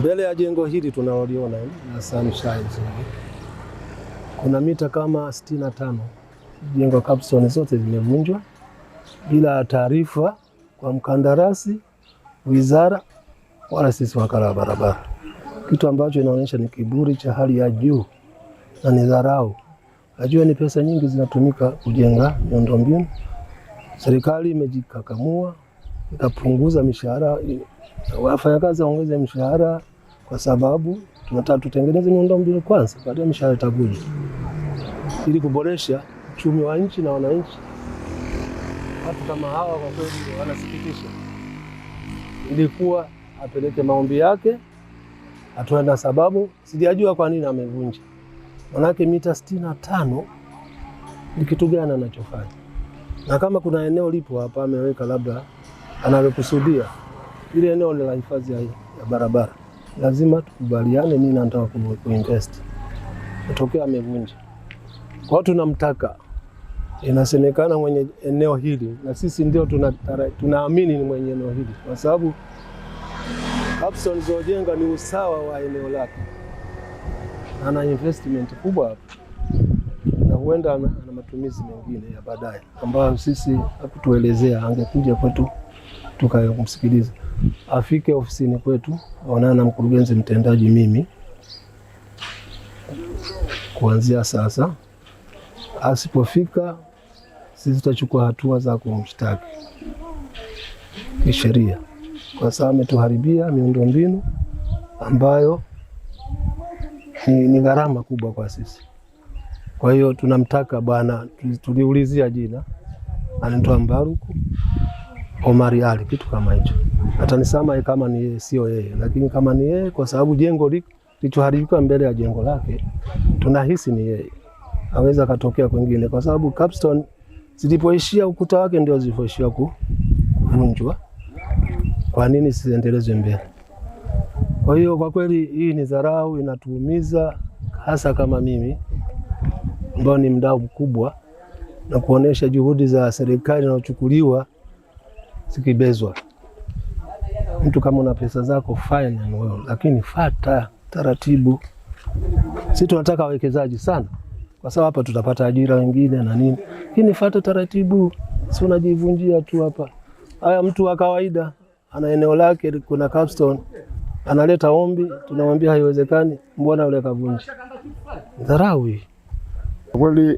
Mbele ya jengo hili tunaloliona na eh, Sunshine kuna mita kama 65 jengo capstone zote zimevunjwa bila taarifa kwa mkandarasi, wizara wala sisi wakala wa barabara, kitu ambacho inaonyesha ni kiburi cha hali ya juu na ni dharau. Najua ni pesa nyingi zinatumika kujenga miundombinu. Serikali imejikakamua ikapunguza mishahara, wafanyakazi waongeze mishahara, kwa sababu tunataka tutengeneze miundombinu kwanza, baadaye mishahara itakuja, ili kuboresha uchumi wa nchi na wananchi. Watu kama hawa kwa kweli wanasikitisha. Ilikuwa apeleke maombi yake, atoe na sababu. Sijajua kwa nini amevunja, manake mita sitini na tano ni kitu gani anachofanya, na kama kuna eneo lipo hapa ameweka labda analokusudia. Ile eneo ni la hifadhi ya, ya barabara, lazima tukubaliane. Mimi nataka kuinvest, natokea amevunja kwao, tunamtaka inasemekana mwenye eneo hili, na sisi ndio tunaamini tuna ni mwenye eneo hili, kwa sababu hapo alizojenga ni usawa wa eneo lake. Ana investment kubwa hapo na huenda ana, ana matumizi mengine ya baadaye ambayo sisi hakutuelezea, angekuja kwetu kutoka kumsikiliza, afike ofisini kwetu, aonane na mkurugenzi mtendaji mimi kuanzia sasa. Asipofika sisi tutachukua hatua za kumshtaki kisheria, kwa sababu ametuharibia miundombinu ambayo ni, ni gharama kubwa kwa sisi. Kwa hiyo tunamtaka bwana, tuliulizia jina, anaitwa Mbaruku. Omari Ali, kitu kama hicho. Atanisamae kama ni sio yeye, lakini kama ni yeye, kwa sababu jengo lilichoharibika mbele ya jengo lake tunahisi ni yeye, aweza katokea kwingine, kwa sababu capstone zilipoishia ukuta wake ndio zilipoishia kuvunjwa. Kwa nini siendelezwe mbele? Kwa hiyo kwa kweli hii ni dharau, inatuumiza hasa kama mimi ambao ni mdau mkubwa na kuonesha juhudi za serikali inayochukuliwa zikibezwa. Mtu kama una pesa zako fine well, lakini fata taratibu. Sisi tunataka wawekezaji sana, kwa sababu hapa tutapata ajira wengine na nini, lakini fata taratibu, si unajivunjia tu hapa. Haya, mtu wa kawaida ana eneo lake, kuna capstone analeta ombi, tunamwambia haiwezekani, mbona ule kavunji dharawi kweli